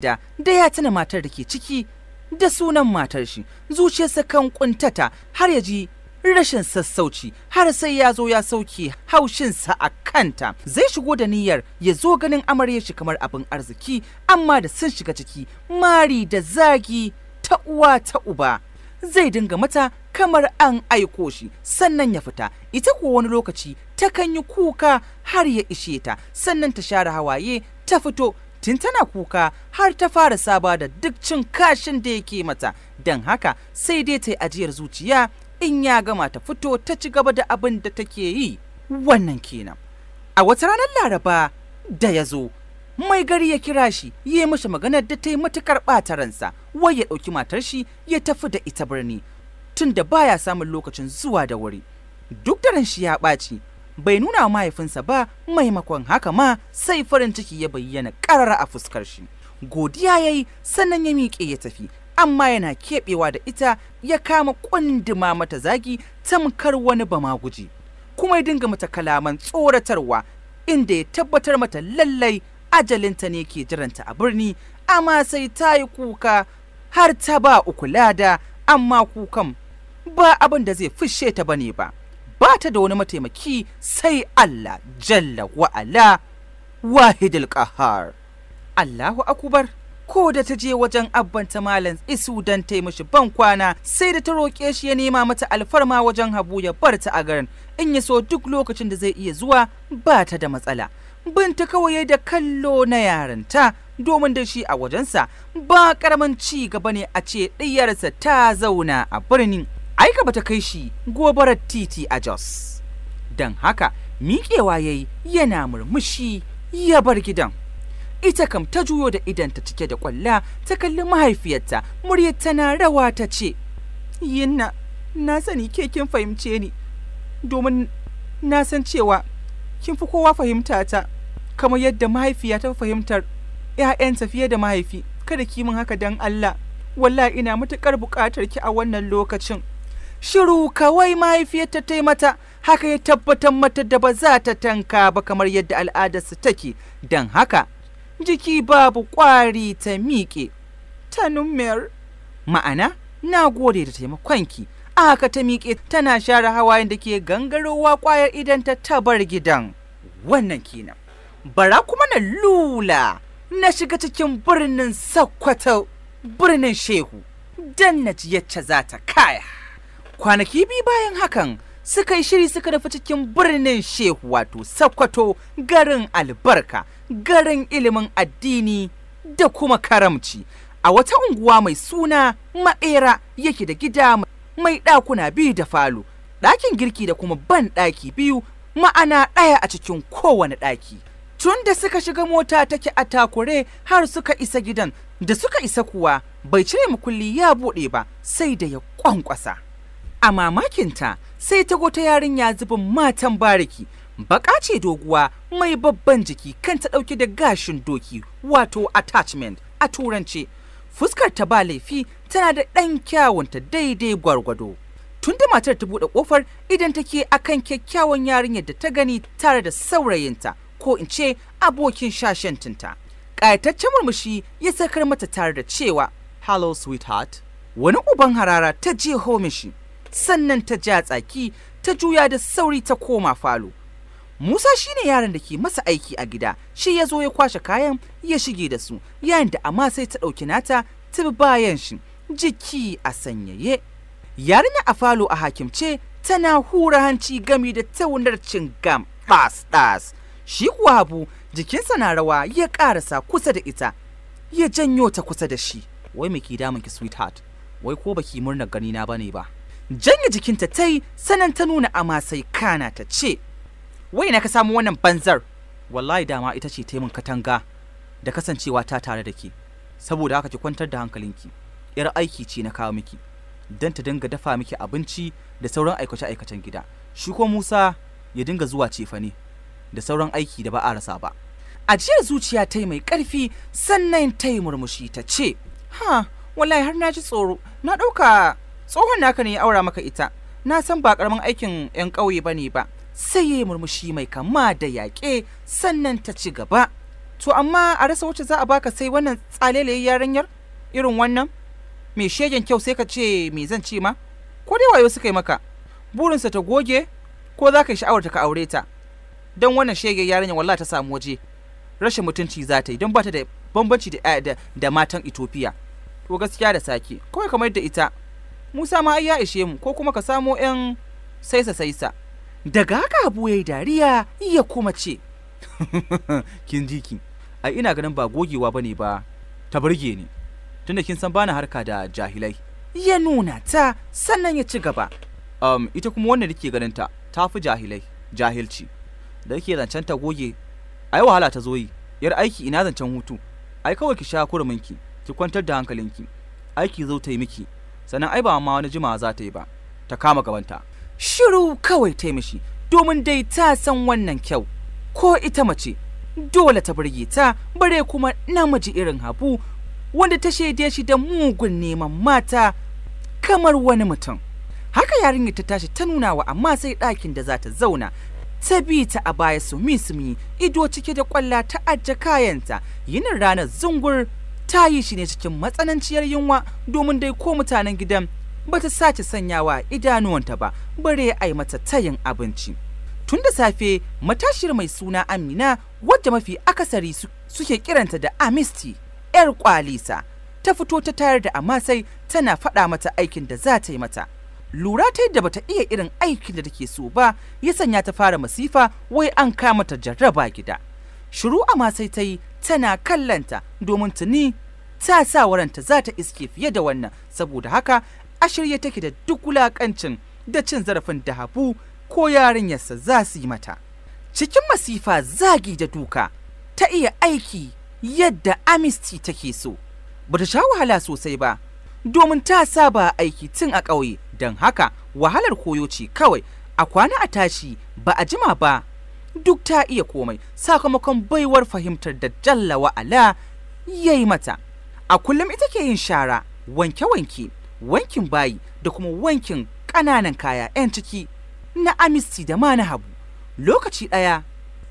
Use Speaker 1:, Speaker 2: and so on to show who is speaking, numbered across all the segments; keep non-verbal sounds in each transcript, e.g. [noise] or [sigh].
Speaker 1: da da ya tuna matar da ke ciki da sunan matar shi zuciyarsa kan kuntata har ya ji rashin sassauci har sai ya zo ya sauke haushinsa a kanta zai shigo da niyyar ya zo ganin amarya shi kamar abin arziki amma da sun shiga ciki mari da zagi ta uwa ta uba zai dinga mata kamar an aiko shi sannan ya fita ita ko wani lokaci takan yi kuka har ya ishe ta sannan ta share hawaye ta fito tun tana kuka har ta fara saba da duk cin kashin da yake mata don haka sai dai ta yi ajiyar zuciya in ya gama ta fito ta ci gaba da abin da take yi wannan kenan a wata ranar laraba da ya zo mai gari ya kira shi ya mashi maganar da ta yi matukar ɓata ransa wai ya ɗauki matar shi ya tafi da ita birni tun da baya samun lokacin zuwa da wuri duk da ran shi ya ɓaci bai nuna wa mahaifinsa ba maimakon haka ma sai farin ciki ya bayyana karara a fuskar shi godiya ya yi sannan ya miƙe ya tafi amma yana keɓewa da ita ya kama ƙunduma mata zagi tamkar wani bama guji kuma ya dinga mata kalaman tsoratarwa inda ya tabbatar mata lallai ajalinta ne ke jiranta a birni amma sai ta yi kuka har ta ba uku lada amma kukan ba abin da zai fushe ta bane ba ba ta da wani mataimaki sai Allah jalla wa'ala wahidul qahar Allahu akubar ko da ta je wajen abbanta malam isu don taimashi ban kwana sai da ta roƙe shi ya nema mata alfarma wajen habu ya bar ta a garin in ya so duk lokacin da zai iya zuwa ba ta da matsala binta kawai da kallo na yarinta domin da shi a wajensa ba karamin ci gaba ne a ce ɗiyarsa ta zauna a birnin aika bata kai shi gobarar titi a Jos. Don haka miƙewa ya yi yana murmushi ya bar gidan. Ita kam ta juyo da ta cike da ƙwalla ta kalli mahaifiyarta muryar tana rawa ta ce, Yinna, na sani ke kin fahimce ni, domin na san cewa kin fi kowa fahimta ta, kamar yadda mahaifiya ta fahimtar ‘ya'yanta fiye da mahaifi, kada ki min haka don Allah, wallahi ina matuƙar buƙatar ki a wannan lokacin. shiru kawai mahaifiyarta ta yi mata haka ya tabbatar mata da ba za ta tanka ba kamar yadda al'adarsu take don haka jiki babu ƙwari ta miƙe ta ma'ana na gode da taimakonki a haka ta miƙe tana share hawayen da ke gangarowa ƙwayar idan ta tabar gidan wannan kenan bara kuma na lula na shiga cikin birnin sakkwato birnin shehu don na ji yacce za ta kaya kwanaki biyu bayan hakan suka yi shiri suka nufi cikin birnin shehu wato sakkwato garin albarka garin ilimin addini da kuma karamci a wata unguwa mai suna maɗera yake da gida mai ɗakuna biyu da falo ɗakin girki da kuma ban ɗaki biyu ma'ana ɗaya a cikin kowane ɗaki tun da suka shiga mota take a takure har suka isa gidan da suka isa kuwa bai cire mukulli ya buɗe ba sai da ya ƙwanƙwasa. a mamakinta sai ta gota yarinya zubin matan bariki baka ce doguwa mai babban jiki kan ta ɗauke da gashin doki wato attachment a turance fuskar ta ba laifi tana da ɗan kyawunta daidai gwargwado tun tunda matar ta buɗe kofar idan take akan kyakkyawan yarinyar da ta gani tare da saurayinta ko in ce abokin shashantinta ƙayataccen murmushi ya sakar mata tare da cewa hello sweetheart wani uban harara ta je homishi sannan ta ja tsaki ta juya da sauri ta koma falo Musa shine yaran da ke masa aiki a gida shi ya zo ya kwashe kayan ya shige da su yayin da amma sai ta ɗauki nata ta bi bayan shi jiki a sanyaye yarinya a falo a hakimce tana hura hanci gami da taunar cin gam ɗas ɗas shi kuwa habu jikinsa na rawa ya ƙarasa kusa da ita ya janyo ta kusa da shi wai me ke damun ki sweetheart wai ko baki murnar ganina bane ba janye jikinta ta yi sanan ta nuna a masai kana ta ce wai na ka samu wannan banzar wallahi dama ita ce taimun katanga da kasancewa ta tare da ke saboda haka ki kwantar da hankalinki yar aiki ce na kawo miki don ta dinga dafa miki abinci da sauran aikace-aikacen gida shi musa ya dinga zuwa cefane da sauran aiki da ba a rasa ba A jiyar zuciya ta yi mai ƙarfi sannan ta yi murmushi ta ce ha wallahi har na ji tsoro na ɗauka tsohon naka ne ya aura maka ita na san ba karamin aikin 'yan ƙauye ba ne ba sai ya yi murmushi mai kama da yaƙe sannan ta ci gaba to amma a rasa wacce za a baka sai wannan tsalelayi yarinyar irin wannan mai shegen kyau sai ka ce me zan ce ma ko dai wayo suka yi maka burinsa ta goge ko za ka yi sha'awar ta ka aure ta don wannan shege yarinyar wallah ta samu waje rashin mutunci za ta yi don ba ta da bambanci da matan Ethiopia to gaskiya da sake kawai kamar da ita Musa ma ai ya ishe mu ko kuma ka samo 'yan saisa saisa. Daga haka abu ya yi dariya ya kuma ce. [laughs] kin ji ki, ai ina ganin ba gogewa bane ba ta burge ni. Tunda kin san bana harka da jahilai. Ya nuna ta sannan ya ci gaba. Um, ita kuma wannan da ke ganin ta ta fi jahilai, jahilci. Da yake zancen ta goge, ai wahala ta zo yar aiki ina zancen hutu. Ai kawai ki sha kurminki, ki kwantar da hankalinki. Aiki zo ta yi miki, sannan ai ba ma wani jima za ta yi ba ta kama gabanta shiru kawai ta mishi domin dai ta san wannan kyau ko ita mace dole ta burge ta bare kuma namiji irin habu wanda ta shaide shi da mugun neman mata kamar wani mutum haka yarinyar ta tashi ta nunawa amma sai ɗakin da za ta zauna ta bi ta a baya sumi mi ido cike da kwalla ta ajje kayanta yinin ranar zungur ta yi shi ne cikin matsananciyar yunwa domin dai ko mutanen gidan bata sace sanyawa idanuwanta ba bare a yi mata tayin abinci tun da safe matashiyar mai suna amina wadda mafi akasari suke kiranta da amisti yar kwalisa ta fito ta tayar da sai tana faɗa mata aikin da za ta yi mata lura ta yadda bata iya irin aikin da take so ba ya sanya ta fara masifa wai an kama ta jarraba gida shiru amasai ta yi tana kallanta domin tuni ta sa waranta za ta iske fiye da wannan saboda haka a shirye take da duk wulakancin da cin zarafin da ko yarinyarsa za su yi mata cikin masifa zagi da duka ta iya aiki yadda amisti take so ba ta sha wahala sosai ba domin ta saba aiki tun a ƙauye don haka wahalar koyo ce kawai a kwana a tashi ba a jima ba duk ta iya komai sakamakon baiwar fahimtar da jalla wa'ala ya yi mata a kullum ita ke yin shara wanke-wanke wankin bayi da kuma wankin ƙananan kaya 'yan ciki na amisti da ma na habu lokaci ɗaya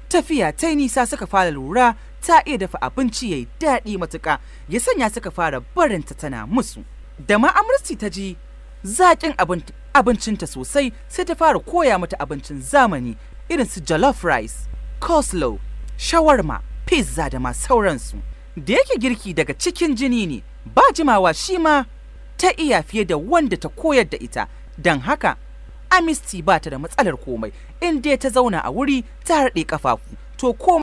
Speaker 1: tafiya ta nisa suka fara lura ta iya dafa abinci ya yi daɗi matuƙa ya sanya suka fara barinta tana musu da ma amurci ta ji zaƙin abincinta sosai sai ta fara koya mata abincin zamani irin su jollof rice, coleslaw, shawarma, pizza da ma sauransu. Da yake girki daga cikin jini ne, ba jimawa shi ma ta iya fiye da wanda ta koyar da ita, don haka Amisti ba ta da matsalar komai, in dai ta zauna a wuri ta harɗe ƙafafu, to ko